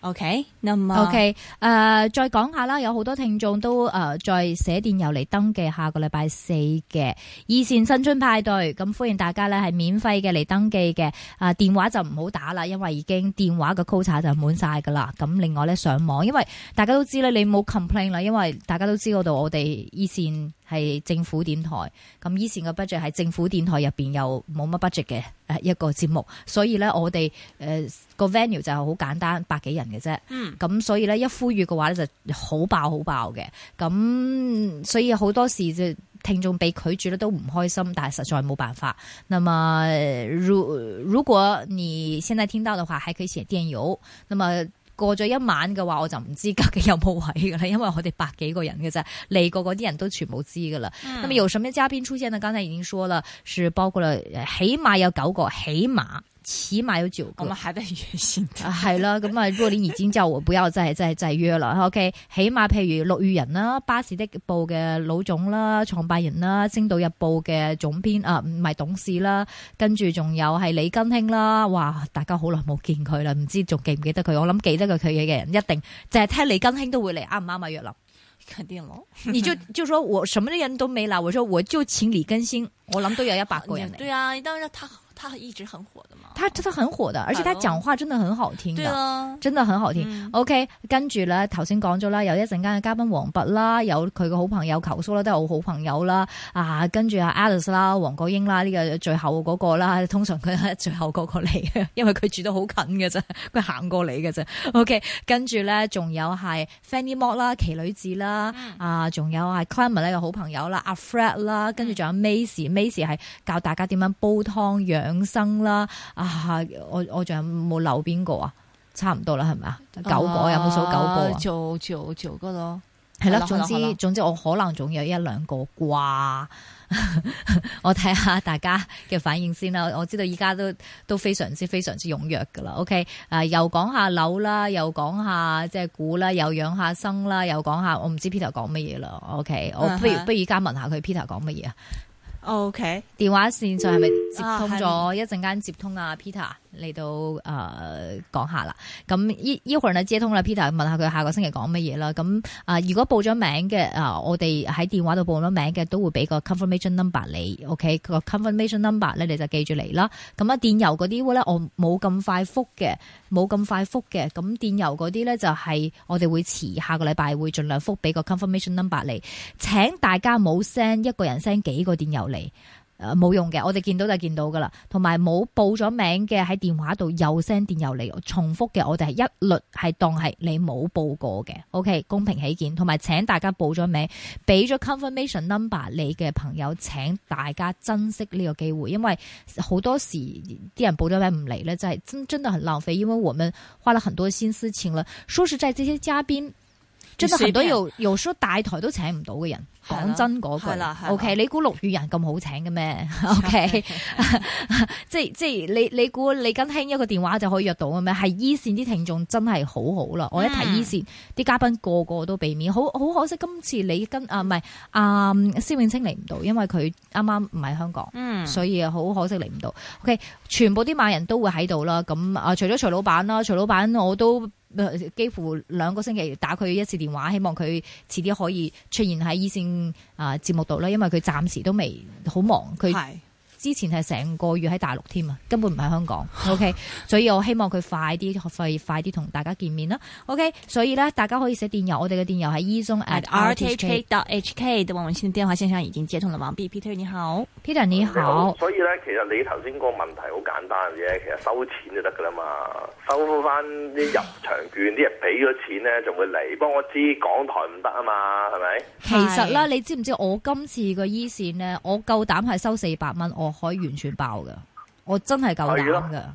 o k OK，誒、okay, 呃，再講下啦，有好多聽眾都誒再寫電郵嚟登記下個禮拜四嘅二線新春派對，咁歡迎大家咧係免費嘅嚟登記嘅，啊、呃，電話就唔好打啦，因為已經電話嘅 quota 就滿晒噶啦，咁另外咧上網，因為大家都知咧你冇 complain 啦，因為大家都知嗰度我哋二線。係政府電台，咁以前嘅 budget 係政府電台入邊又冇乜 budget 嘅，誒一個節目，所以咧我哋誒、呃、個 venue 就係好簡單百幾人嘅啫，咁、嗯嗯、所以咧一呼籲嘅話咧就好爆好爆嘅，咁、嗯、所以好多時就聽眾被拒絕咧都唔開心，但係實在冇辦法。那麼如果如果你現在聽到嘅話，還可以寫電郵，那麼。過咗一晚嘅話，我就唔知究竟有冇位噶啦，因為我哋百幾個人嘅啫，嚟過嗰啲人都全部知噶啦。咁、嗯、由什麼嘉賓出現啊？剛才已經說了，是包括了，起碼有九個，起碼。起碼要九個，我哋還在約新。係啦、啊，咁啊，如果你已經叫我不要再再再約啦，OK？ 起碼譬如陸羽仁啦，巴士的報嘅老總啦，創辦人啦，星島日報嘅總編啊，唔係董事啦，跟住仲有係李根興啦，哇！大家好耐冇見佢啦，唔知仲記唔記得佢？我諗記得佢嘅人一定就係聽李根興都會嚟，啱唔啱啊？約林肯定咯， 你就就說我什麼人都沒啦，我說我就請李根興，我諗都有一百個人 對。對啊，當然他。他一直很火的嘛，他他很火的，而且他講話真的很好聽，對啊、哦，真的很好聽。嗯、OK，跟住咧頭先講咗啦，有一陣間嘅嘉賓王弼啦，有佢嘅好朋友求叔啦，都係我好朋友啦。啊，跟住阿 Alice 啦，黃國英啦，呢、這個最後嗰個啦，通常佢係最後嗰個嚟嘅，因為佢住得好近嘅啫，佢行過嚟嘅啫。OK，跟住咧，仲有係 Fanny Mod、ok、啦，奇女子啦，嗯、啊，仲有係 Clarence 嘅好朋友啦，阿、啊、Fred 啦，跟住仲有 Macy，Macy 係、嗯、教大家點樣煲湯藥。養生啦、啊，啊，我我仲有冇扭邊個啊？差唔多啦，係咪啊？九個有冇數九個？做做做嗰度係啦。總之、嗯嗯嗯嗯、總之，嗯嗯、總之我可能仲有一兩個啩。 我睇下大家嘅反應先啦。我知道依家都都非常之非常之踴躍噶啦。OK，啊、呃，又講下樓啦，又講下即係股啦，又養下生啦，又講下我唔知 Peter 講乜嘢啦。OK，我不如不如而家問下佢 Peter 講乜嘢啊？O.K. 電話線上係咪接通咗，一陣間接通啊，Peter。嚟到誒講、呃、下啦，咁呢呢個人咧接通啦，Peter 問下佢下個星期講乜嘢啦。咁、嗯、啊、呃，如果報咗名嘅啊、呃，我哋喺電話度報咗名嘅，都會俾個 confirmation number 你，OK？個 confirmation number 咧，你就記住嚟啦。咁、嗯、啊，電郵嗰啲咧，嗯、我冇咁快覆嘅，冇咁快覆嘅。咁電郵嗰啲咧，就係我哋會遲下個禮拜會盡量覆俾個 confirmation number 你。請大家冇 send 一個人 send 幾個電郵嚟。誒，冇用嘅，我哋見到就見到噶啦，同埋冇報咗名嘅喺電話度又聲電又嚟，重複嘅，我哋係一律係當係你冇報過嘅，OK，公平起見，同埋請大家報咗名，俾咗 confirmation number，你嘅朋友，請大家珍惜呢個機會，因為好多時啲人報咗名唔嚟呢，真係真的很浪費，因為我們花了很多心思錢，請了說實在，這些嘉賓。真係揾到由由大台都請唔到嘅人，講真嗰句、啊啊啊、，OK？你估陸羽仁咁好請嘅咩？OK？ 即即你你估李根興一個電話就可以約到嘅咩？係 e 線啲聽眾真係好好啦！我一睇 e 線啲、嗯、嘉賓個個,個都避免，好好可惜今次李根，啊唔係啊施永青嚟唔到，因為佢啱啱唔喺香港，嗯、所以好可惜嚟唔到。OK，全部啲猛人都會喺度啦。咁啊，除咗徐老闆啦，徐老闆我都。幾乎兩個星期打佢一次電話，希望佢遲啲可以出現喺 e 線節目度啦，因為佢暫時都未好忙，佢之前係成個月喺大陸添啊，根本唔喺香港。OK， 所以我希望佢快啲，可以快啲同大家見面啦。OK，所以咧，大家可以寫電郵，我哋嘅電郵喺 ezone at rthk.hk。黃文清嘅電話線上已經接通啦，王弼 Peter 你好，Peter 你好，你好。所以咧，其實你頭先個問題好簡單嘅啫，其實收錢就得噶啦嘛，收翻啲入場券啲人俾咗錢咧就會嚟。不過我知港台唔得啊嘛，係咪？ 其實咧，你知唔知我今次個 E 線呢？我夠膽係收四百蚊我。我可以完全爆噶，我真係夠膽噶。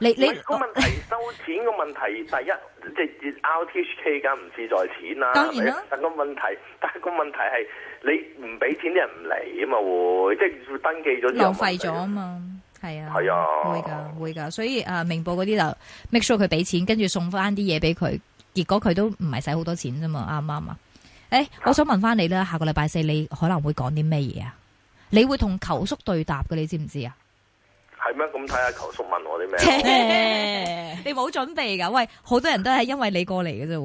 你你，那個問題收錢個問題，第一即係 RTHK 唔自在錢啦。當然啦，但個問題但係個問題係你唔俾錢啲人唔嚟，啊嘛，會即係登記咗之後浪費咗啊嘛，係啊，係啊的，會噶會噶，所以啊明報嗰啲就 make sure 佢俾錢，跟住送翻啲嘢俾佢，結果佢都唔係使好多錢啫嘛，啱唔啱啊？誒、欸，的我想問翻你啦，下個禮拜四你可能會講啲咩嘢啊？你會同球叔對答嘅，你知唔知啊？係咩？咁睇下球叔問我啲咩？ 你冇準備噶，喂，好多人都係因為你過嚟嘅啫。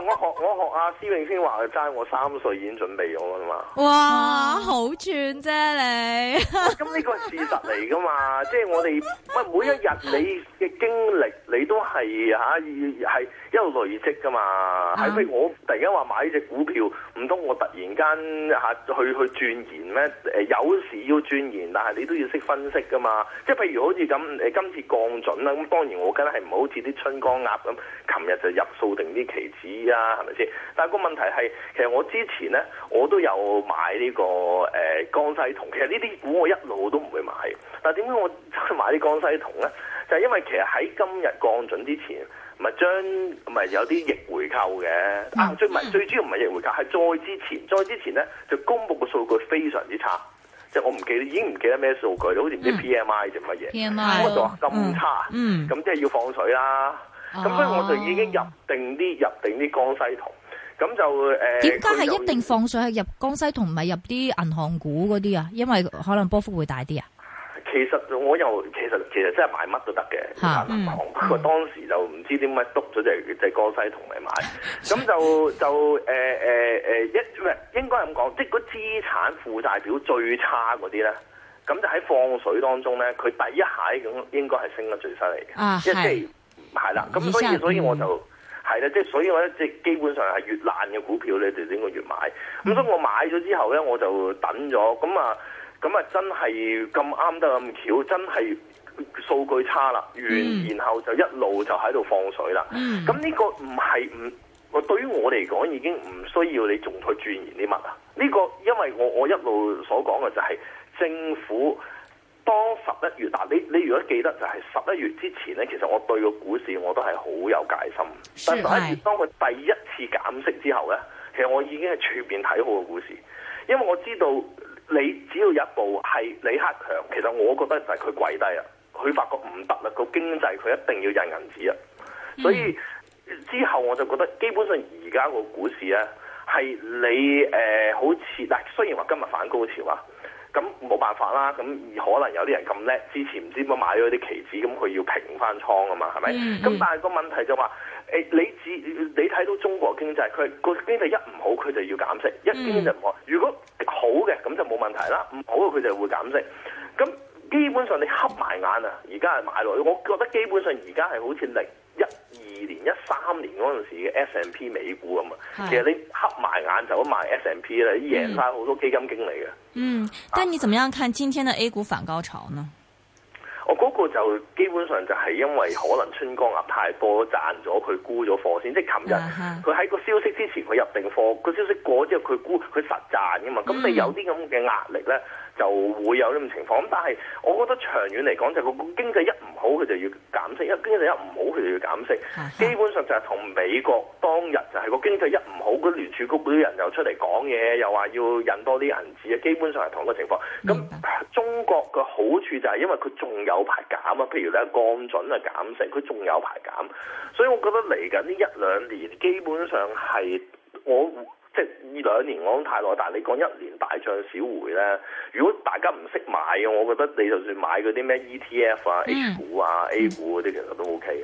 我學我學阿施永先話齋，我三歲已經準備咗啦嘛。哇，嗯、好轉啫、啊、你！咁 呢個事實嚟噶嘛，即、就、係、是、我哋唔每一日你嘅經歷，你都係嚇係一路累積噶嘛。係、啊、譬如我突然間話買隻股票，唔通我突然間嚇、啊、去去鑽研咩？誒有時要鑽研，但係你都要識分析噶嘛。即係譬如好似咁誒，今次降準啦，咁當然我梗係唔好似啲春江鴨咁，琴日就入數定啲期指。啊，係咪先？但係個問題係，其實我之前咧，我都有買呢、這個誒、呃、江西銅。其實呢啲股我一路都唔會買。但係點解我買啲江西銅咧？就係、是、因為其實喺今日降准之前，咪將唔係有啲逆回購嘅、嗯啊，最唔、嗯、最主要唔係逆回購，係再之前，再之前咧就公布個數據非常之差，即係我唔記，已經唔記得咩數據，好似唔知 P M I 啫乜嘢，咁、嗯、差，咁即係要放水啦。咁所以我就、呃、為何 就已經入定啲入定啲江西銅，咁就誒點解係一定放水係入江西銅，唔係入啲銀行股嗰啲啊，因為可能波幅會大啲啊。其實我又其實其實真係買乜都得嘅吓，是行，講、嗯。嗯、不過當時就唔知點解督咗就就江西銅嚟買，咁 就就誒誒誒一唔係應該咁講，即係個資產負債表最差嗰啲咧，咁就喺放水當中咧，佢第一下咁應該係升得最犀利嘅啊係、啊是。係啦，咁所以所以我就係啦，即係所以我咧即係基本上係越爛嘅股票你哋應該越買。咁、嗯、所以我買咗之後咧我就等咗，咁啊咁啊真係咁啱得咁巧，真係數據差啦，然、嗯、然後就一路就喺度放水啦。咁呢、嗯、個唔係唔，我對於我嚟講已經唔需要你仲去鑽研啲乜啦。呢、呢個因為我我一路所講嘅就係政府。當十一月嗱，但你你如果記得就係十一月之前咧，其實我對個股市我都係好有戒心。係。但係當佢第一次減息之後咧，其實我已經係全面睇好個股市，因為我知道你只要一步係李克強，其實我覺得就係佢跪低啊，佢發覺唔得啦，個經濟佢一定要印銀紙啊，所以之後我就覺得基本上而家個股市咧、啊、係你誒、呃，好似嗱，雖然話今日反高潮啊。咁冇辦法啦，咁可能有啲人咁叻，之前唔知點解買咗啲期指，咁佢要平翻倉啊嘛，係咪？咁、嗯嗯、但係個問題就話、是，誒、欸、你自你睇到中國經濟，佢個經濟一唔好，佢就要減息；一經就唔好，如果好嘅咁就冇問題啦，唔好嘅，佢就會減息。咁基本上你瞌埋眼啊，而家係買落去。我覺得基本上而家係好似零一二。年一三年嗰陣時嘅 S&P 美股吖嘛，的其實你黑埋眼就都買 S&P 咧，而贏晒好多基金經理嘅。嗯，但你怎麼樣看今天嘅 A 股反高潮呢？啊、我嗰個就基本上就係因為可能春江鴨、啊、太多賺咗，佢沽咗貨先，即係琴日佢喺個消息之前佢入定貨，個消息過之後佢沽佢實賺噶嘛，咁、嗯、你有啲咁嘅壓力呢？就會有呢種情況，咁但係我覺得長遠嚟講，就係個經濟一唔好，佢就要減息；一經濟一唔好，佢就要減息。基本上就係同美國當日就係個經濟一唔好，嗰聯儲局啲人又出嚟講嘢，又話要印多啲銀紙，基本上係同一個情況。咁明白。中國嘅好處就係因為佢仲有排減啊，譬如你降準啊減息，佢仲有排減，所以我覺得嚟緊呢一兩年基本上係我。即係呢兩年我講太耐，但係你講一年大漲小回咧。如果大家唔識買嘅，我覺得你就算買嗰啲咩 ETF 啊、H 股啊、A 股嗰啲，其實都 OK。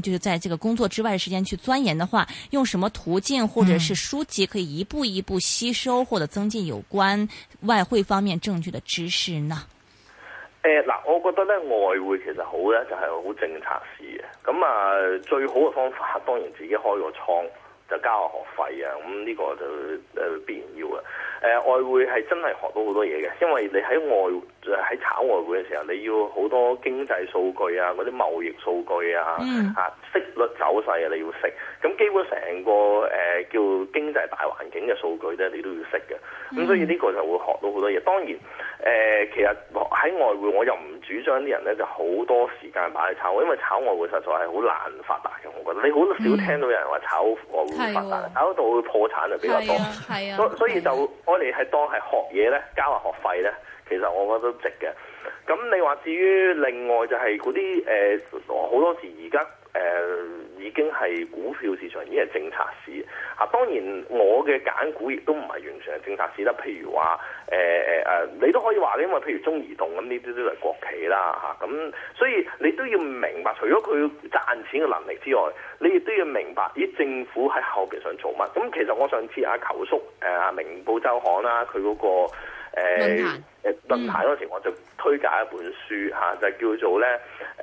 就是在這個工作之外時間去鑽研的話，用什麼途徑或者是書籍可以一步一步吸收或者增進有關外匯方面證據的知識呢？誒、嗯，嗱、呃，我覺得咧外匯其實好咧，就係、是、好政策事嘅政策市嘅。咁啊，最好嘅方法當然自己開個倉，就交下學費啊。咁、嗯、呢、這個就誒、呃、必然要啊。誒、呃、外匯係真係學到好多嘢嘅，因為你喺外喺炒外匯嘅時候，你要好多經濟數據啊，嗰啲貿易數據啊，嗯、啊息率走勢啊，你要識。咁基本成個誒、呃、叫經濟大環境嘅數據咧，你都要識嘅。咁所以呢個就會學到好多嘢。當然誒、呃，其實喺外匯我又唔主張啲人咧就好多時間擺喺炒外匯，因為炒外匯實在係好難發達嘅。我覺得你好少聽到有人話炒外匯發達，搞、嗯嗯呃、到破產就比較多。係啊。所以所以就，就。如果你係當係學嘢咧，交下學費咧，其實我覺得都值嘅。咁你話至於另外就係嗰啲誒，好多時而家。已經係股票市場，已經係政策市，吓、啊、當然我嘅揀股亦都唔係完全係政策市啦。譬如話誒誒誒，你都可以話，因為譬如中移動咁呢啲都係國企啦，吓、啊、咁、嗯，所以你都要明白，除咗佢賺錢嘅能力之外，你亦都要明白啲政府喺後邊想做乜。咁、嗯、其實我上次阿、啊、求叔誒、啊，明報周刊啦、啊，佢嗰、那個。誒誒論壇嗰時我就推介一本書嚇、啊，就是、叫做咧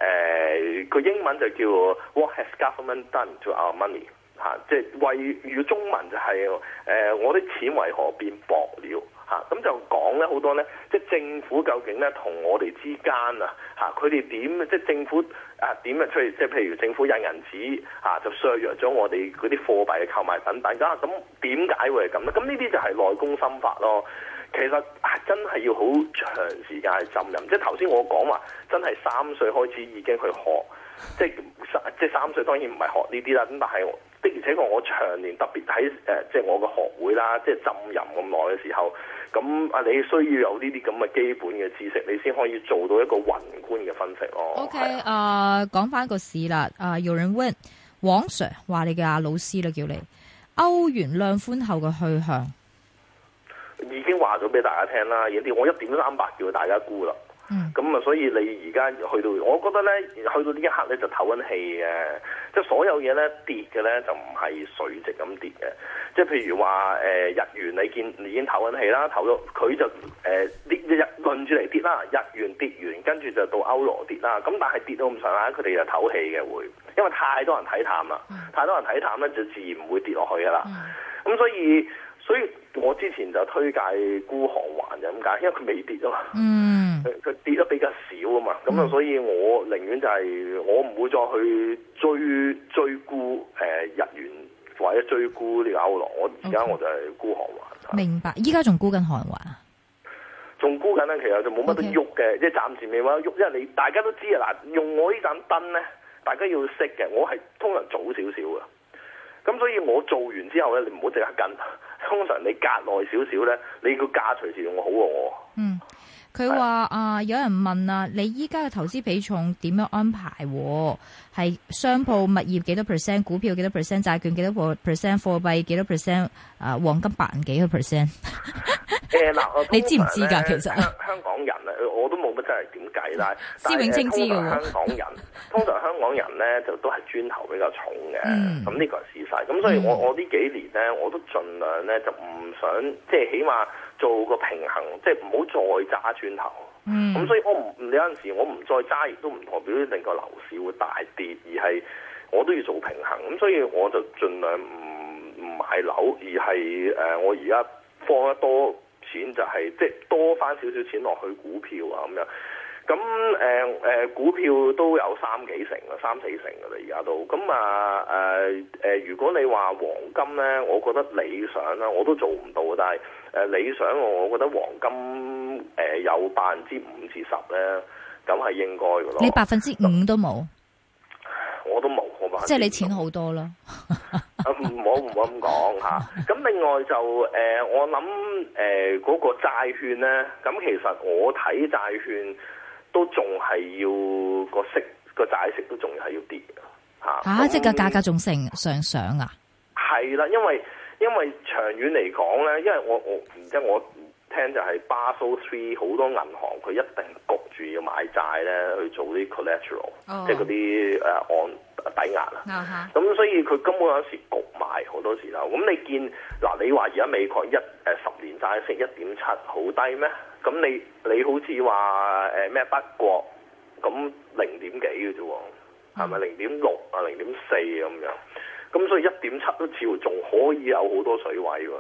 誒，個、呃、英文就叫 What Has Government Done To Our Money 嚇，即、啊、係、就是、為語中文就係、是、誒、啊，我啲錢為何變薄了嚇？咁、啊、就講咧好多咧，即係政府究竟咧同我哋之間啊嚇，佢哋點即係政府啊點樣出現？即係譬如政府印銀紙嚇、啊，就削弱咗我哋嗰啲貨幣嘅購買等等。咁啊咁點解會係咁咧？咁呢啲就係內功心法咯。其實係真係要好長時間去浸淫，即係頭先我講話真係三歲開始已經去學，即係三即係三歲當然唔係學呢啲啦，咁但係的而且確我長年特別喺誒即係我嘅學會啦，即係浸淫咁耐嘅時候，咁啊你需要有呢啲咁嘅基本嘅知識，你先可以做到一個宏觀嘅分析咯。OK，誒、啊，講翻、uh, 個事啦，誒 Yolande 王 sir 話你嘅阿老師啦，叫你歐元量寬後嘅去向。已經話咗俾大家聽啦，嘢啲我一點三八叫大家估啦。咁啊、嗯嗯，所以你而家去到，我覺得咧，去到呢一刻咧就唞緊氣嘅，即、就、係、是、所有嘢咧跌嘅咧就唔係垂直咁跌嘅。即、就、係、是、譬如話誒、呃、日元你，你見已經唞緊氣啦，唞咗佢就誒、呃、跌日輪住嚟跌啦，日元跌完跟住就到歐羅跌啦。咁但係跌到咁上下，佢哋就唞氣嘅會，因為太多人睇淡啦，太多人睇淡咧就自然唔會跌落去噶啦。咁、嗯嗯、所以。所以我之前就推介沽韓環就咁解，因為佢未跌啊嘛，佢佢、嗯、跌得比較少啊嘛，咁啊、嗯，所以我寧願就係、是、我唔會再去追追沽誒、呃、日元或者追沽呢個歐羅，我而家我就係沽韓環。Okay, 啊、明白，依家仲沽緊韓環啊？仲沽緊咧，其實就冇乜得喐嘅，即係暫時未話喐，因為你大家都知啊，嗱，用我燈呢盞燈咧，大家要識嘅，我係通常早少少噶，咁所以我做完之後咧，你唔好即刻跟。通常你隔耐少少咧，你個價隨時用好喎。我嗯，佢話啊，有人問啊，你依家嘅投資比重點樣安排？係商鋪物業幾多 percent，股票幾多 percent，債券幾多 percent，貨幣幾多 percent，啊、呃，黃金百幾 percent。 誒，嗱、欸，我你知唔知噶？其實香香港人啊，我都冇乜真係點計，但係思永清知噶香港人通常香港人咧 就都係磚頭比較重嘅，咁呢、嗯、個係事實。咁所以我我呢幾年咧，我都盡量咧就唔想，即係起碼做個平衡，即係唔好再揸磚頭。咁、嗯、所以我唔有陣時我唔再揸，亦都唔代表一定個樓市會大跌，而係我都要做平衡。咁所以我就盡量唔唔買樓，而係誒、呃、我而家放得多。錢就係、是、即係多翻少少錢落去股票啊咁樣，咁誒誒股票都有三幾成啊，三四成噶啦而家都。咁啊誒誒如果你話黃金咧，我覺得理想啦，我都做唔到，但係誒、呃、理想我覺得黃金誒、呃、有百分之五至十咧，咁係應該噶咯。你百分之五都冇，我都冇，我話即係你錢好多啦。 唔好唔好咁講嚇。咁 另外就誒、呃，我諗誒嗰個債券咧，咁其實我睇債券都仲係要個息個債息都仲係要下跌嘅嚇嚇，啊啊、那即係個價格仲成上上啊？係啦，因為因為長遠嚟講咧，因為我我唔得我。就是我就係 Basel Three，好多銀行佢一定焗住要買債咧，去做啲 collateral，oh. 即係嗰啲誒按抵押啊。咁、uh huh. 嗯、所以佢根本有時焗埋好多時候。咁、嗯、你見嗱，你話而家美國一誒十年債息一點七，好低咩？咁你你好似話誒咩德國咁零點幾嘅啫喎，係咪零點六啊零點四咁樣？咁、嗯、所以一點七都似乎仲可以有好多水位喎。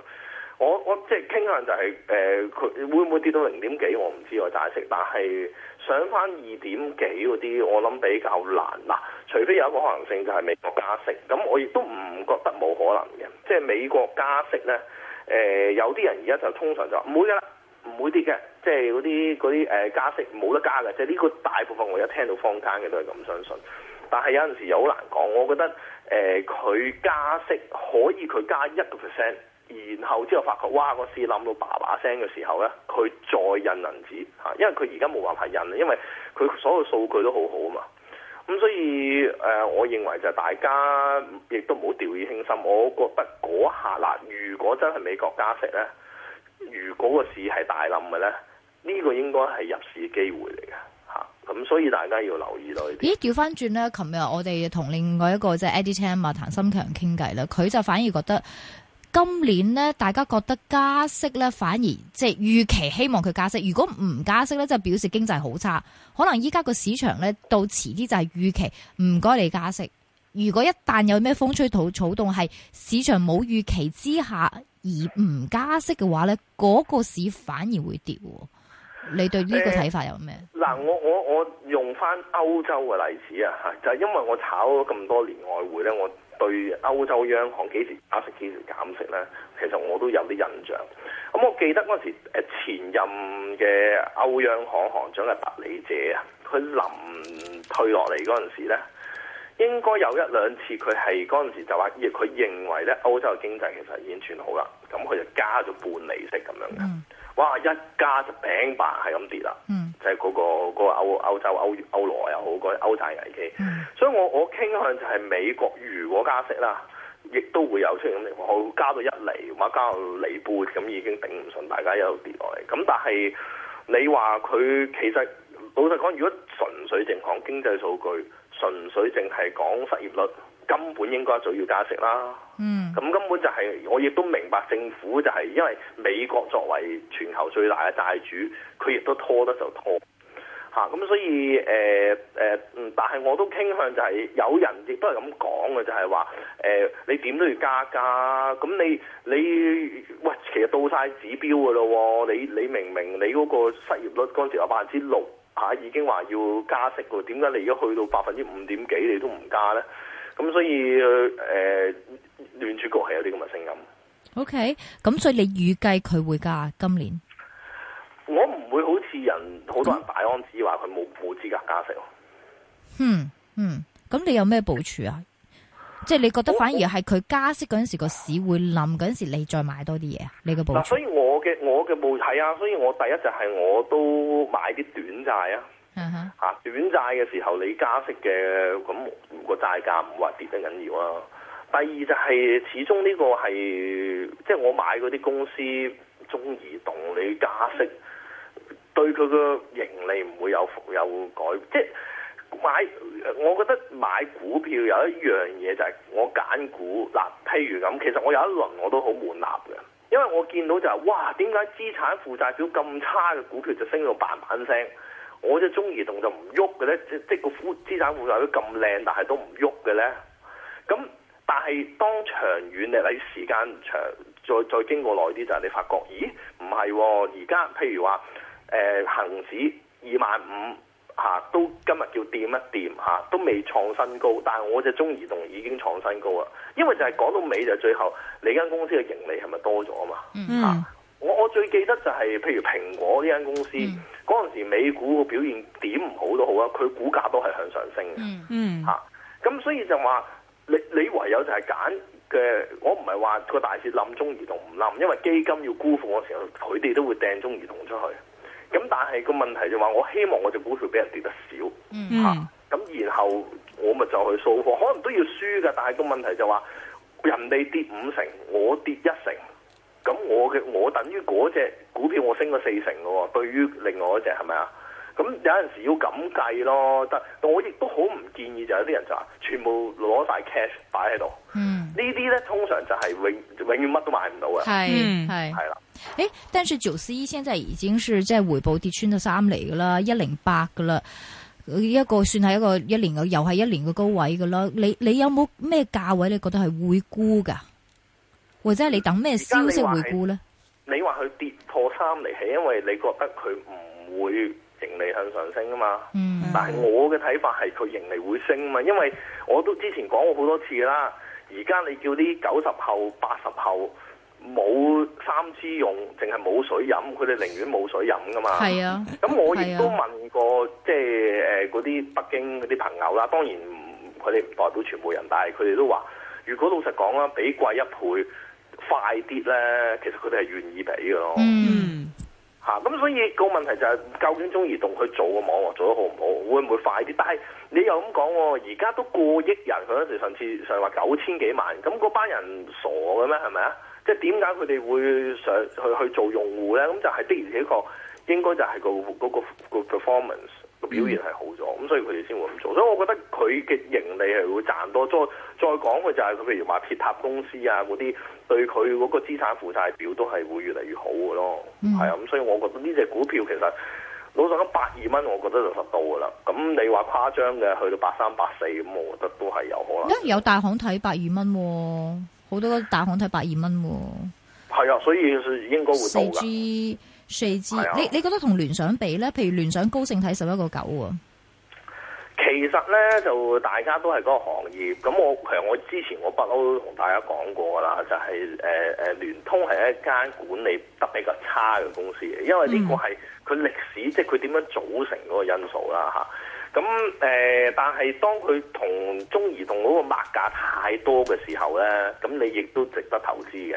我我即係傾向就係、是、誒，佢、呃、會唔會跌到零點幾？我唔知我解釋，但係上翻二點幾嗰啲，我諗比較難嗱、呃。除非有一個可能性就係美國加息，咁我亦都唔覺得冇可能嘅。即係美國加息咧，誒、呃、有啲人而家就通常就話唔會嘅，唔會跌嘅。即係嗰啲啲誒加息冇得加嘅。即係呢個大部分我而家聽到坊間嘅都係咁相信。但係有陣時又好難講。我覺得誒佢、呃、加息可以佢加一個 percent。然後之後發覺，哇，個市冧到爸爸聲嘅時候呢，佢再印銀紙吓，因為佢而家冇辦法印，因為佢所有數據都好好啊嘛。咁所以誒、呃，我認為就大家亦都唔好掉以輕心。我覺得嗰下嗱，如果真係美國加息呢，如果個市係大冧嘅呢，呢、這個應該係入市機會嚟嘅吓。咁、啊、所以大家要留意到。咦，調翻轉呢，琴日我哋同另外一個即係 Eddie Chan 啊，譚心強傾偈啦，佢就反而覺得。今年咧，大家覺得加息咧，反而即係預期希望佢加息。如果唔加息咧，即係表示經濟好差。可能依家個市場咧，到遲啲就係預期唔該你加息。如果一旦有咩風吹草草動，係市場冇預期之下而唔加息嘅話呢嗰、嗰個市反而會跌。你對呢個睇法有咩？嗱、呃呃，我我我用返歐洲嘅例子啊，就係、係、因為我炒咗咁多年外匯咧，我。對歐洲央行幾時加息幾時減息呢？其實我都有啲印象。咁、嗯、我記得嗰陣時，前任嘅歐央行行長係特里謝啊，佢臨退落嚟嗰陣時咧，應該有一兩次佢係嗰陣時就話，佢認為咧歐洲嘅經濟其實已經轉好啦，咁佢就加咗半厘息咁樣嘅。哇！一加就餅白係咁跌啦。嗯喺嗰個個歐洲歐洲歐羅又好，個歐債危機，所以我我傾向就係美國如果加息啦，亦都會有出現咁嘅情況，加到一釐或加到釐半咁已經頂唔順，大家一路跌落嚟。咁但係你話佢其實老實講，如果純粹淨講經濟數據，純粹淨係講失業率。根本應該就要加息啦。嗯，咁根本就係、是、我亦都明白政府就係、是，因為美國作為全球最大嘅債主，佢亦都拖得就拖嚇。咁、啊、所以誒誒、呃呃，但係我都傾向就係、是、有人亦都係咁講嘅，就係話誒，你點都要加㗎。咁你你喂，其實到晒指標㗎咯。你你明明你嗰個失業率嗰時有百分之六嚇，已經話要加息喎。點解你而家去到百分之五點幾你都唔加呢？咁、嗯、所以誒，聯儲局係有啲咁嘅聲音。O K，咁所以你預計佢會加今年？我唔會好似人好多人大安旨意話佢冇冇資格加息、嗯。嗯嗯，咁你有咩部署啊？ 即係你覺得反而係佢加息嗰陣時個我市會冧，嗰陣時，你再買多啲嘢啊？你嘅部署。所以我嘅我嘅部署係啊，所以我第一就係我都買啲短債啊。嚇、mm hmm. 啊，短債嘅時候你加息嘅，咁個債價唔會話跌得緊要啦。第二就係、是、始終呢個係即係我買嗰啲公司中移動，你加息對佢嘅盈利唔會有復有改，即係買。我覺得買股票有一樣嘢就係我揀股嗱，譬如咁，其實我有一輪我都好悶納嘅，因為我見到就係、是、哇，點解資產負債表咁差嘅股票就升到板板聲？我隻中移動就唔喐嘅咧，即即個資產負債表咁靚，但係都唔喐嘅咧。咁但係當長遠咧，你時間長，再再經過耐啲就係你發覺，咦唔係，而家、哦、譬如話誒恆指二萬五嚇，都今日叫掂一掂嚇、啊，都未創新高，但係我隻中移動已經創新高喇！因為就係講到尾就是、最後，你間公司嘅盈利係咪多咗嘛？啊、嗯。我我最記得就係、是、譬如蘋果呢間公司嗰陣、嗯、時，美股個表現點唔好都好啊，佢股價都係向上升嘅、嗯。嗯嗯，嚇咁、啊、所以就話你你唯有就係揀嘅，我唔係話個大市冧中移動唔冧，因為基金要沽貨嘅時候，佢哋都會掟中移動出去。咁但係個問題就話、是，我希望我隻股票俾人跌得少。嗯，咁、啊、然後我咪就去掃貨，可能都要輸嘅，但係個問題就話、是、人哋跌五成，我跌一成。咁我嘅我等於嗰隻股票我升咗四成嘅，對於另外一隻係咪啊？咁有陣時要咁計咯，但我亦都好唔建議，就有啲人就全部攞晒 cash 擺喺度。嗯，呢啲咧通常就係永永遠乜都買唔到嘅。係係係啦。誒、嗯的欸，但是九四一現在已經是即係回報跌穿咗三厘噶啦，一零八噶啦，一個算係一個一年又係一年嘅高位噶啦。你你有冇咩價位你覺得係會沽噶？或者你等咩消息回顧呢？你話佢跌破三釐，起，因為你覺得佢唔會盈利向上升啊嘛？嗯、但係我嘅睇法係佢盈利會升啊嘛，因為我都之前講過好多次啦。而家你叫啲九十後、八十後冇 3G 用，淨係冇水飲，佢哋寧願冇水飲噶嘛？係啊。咁那我亦、啊、都問過即係嗰啲北京啲朋友啦。當然佢哋唔代表全部人，但係佢哋都話：如果老實講啦，比貴一倍。快啲咧，其實佢哋係願意俾嘅咯。嗯，嚇、啊，咁所以個問題就係，究竟中移動去做個網絡做得好唔好，會唔會快啲？但係你又咁講喎，而家都過億人，佢嗰時上次上話九千幾萬，咁嗰班人傻嘅咩？係咪啊？即係點解佢哋會上去去做用戶咧？咁就係的而且確應該就係、嗰個嗰、嗰個、嗰個嗰個 performance。個、嗯、表現係好咗，咁所以佢哋先會咁做，所以我覺得佢嘅盈利係會賺多。再再講嘅就係佢，譬如話鐵塔公司啊嗰啲，對佢嗰個資產負債表都係會越嚟越好嘅咯。係啊、嗯，咁所以我覺得呢隻股票其實老實講百二蚊，我覺得就實到噶啦。咁你話誇張嘅去到百三、百四，咁我覺得都係有可能。因為有大行睇百二蚊，好多大行睇百二蚊。係啊，所以是應該會到四支，Sh iz, 的你你覺得同聯想比呢？譬如聯想高盛睇十一個九，其實呢，就大家都係嗰個行業。咁我其實我之前我不嬲同大家講過噶啦，就係誒誒，聯、呃、通係一間管理得比較差嘅公司，因為呢個係佢歷史即係佢點樣組成嗰個因素啦吓。咁、啊、誒、呃，但係當佢同中移動嗰個賣價太多嘅時候呢，咁你亦都值得投資嘅。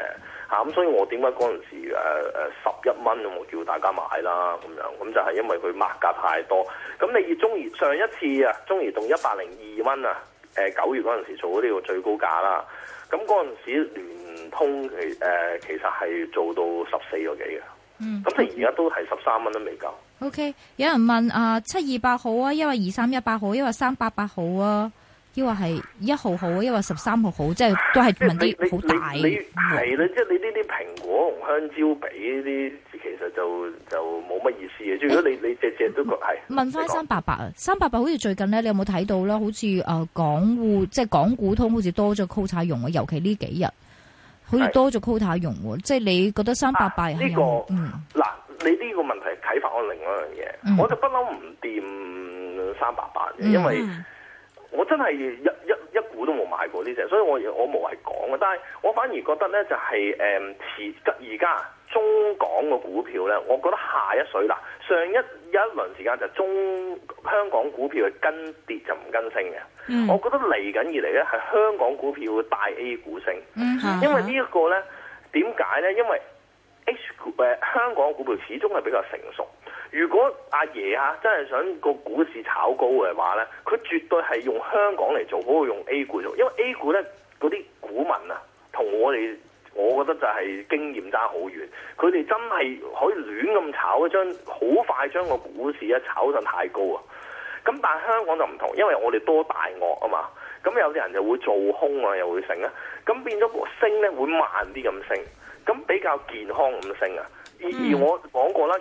咁所以我點解，嗰陣時誒，十一蚊，咁我叫大家買啦咁樣，咁就係因為佢賣價太多。咁你中移上一次啊，中移動一百零二蚊啊，誒、呃、九月嗰陣時做呢個最高價啦。咁嗰陣時聯通其、誒、呃、其實係做到十四個幾嘅。你嗯，咁佢而家都係十三蚊都未夠。O、okay, K，有人問、呃、7, 啊，七二八號啊，因為二三一八號，因為三八八號啊。要話係一號好，抑或十三號好，即係都係問啲好大係啦。即係你呢啲蘋果同香蕉比呢啲，其實就就冇乜意思嘅。如果你、欸、你只只都係，哎、問翻三八八啊，三八八好似最近呢，你有冇睇到咧？好似誒、呃、港滬即係港股通好，好似多咗 quota 用，尤其呢幾日好似多咗 quota 用，的即係你覺得三八八呢個嗱、嗯，你呢個問題啟發我另外一樣嘢，嗯、我就不嬲唔掂三八八因為。嗯我真係一一一股都冇買過呢隻，所以我我冇話講嘅。但係我反而覺得咧，就係、是、誒，而、嗯、家中港嘅股票咧，我覺得下一水啦。上一一輪時間就中香港股票跟跌就唔跟升嘅。嗯、我覺得嚟緊以嚟咧，係香港股票大 A 股升。嗯、因為呢一個咧，點解咧？因為 H 股、呃、香港嘅股票始終係比較成熟。如果阿爺啊，真係想個股市炒高嘅話呢，佢絕對係用香港嚟做，好過用 A 股做，因為 A 股呢，嗰啲股民啊，同我哋，我覺得就係經驗差好遠，佢哋真係可以亂咁炒，將好快將個股市啊炒得太高啊！咁但係香港就唔同，因為我哋多大鱷啊嘛，咁有啲人就會做空啊，又會成啊，咁變咗升呢，會慢啲咁升，咁比較健康咁升啊！而而我講過啦。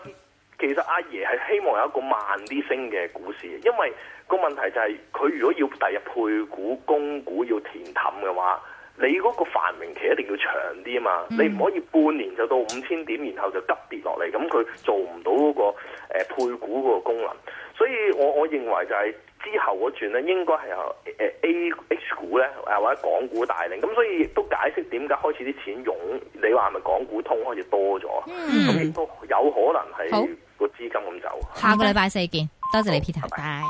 其實阿爺係希望有一個慢啲升嘅股市，因為個問題就係、是、佢如果要第日配股供股要填氹嘅話，你嗰個繁榮期一定要長啲啊嘛，你唔可以半年就到五千點，然後就急跌落嚟，咁佢做唔到嗰、那個、呃、配股嗰個功能。所以我我認為就係、是、之後嗰轉咧，應該係由、呃、A H 股咧，誒或者港股帶領。咁所以都解釋點解開始啲錢湧，你話係咪港股通開始多咗？咁亦都有可能係。個資金咁走。下個禮拜四見，多謝你 Peter，拜拜。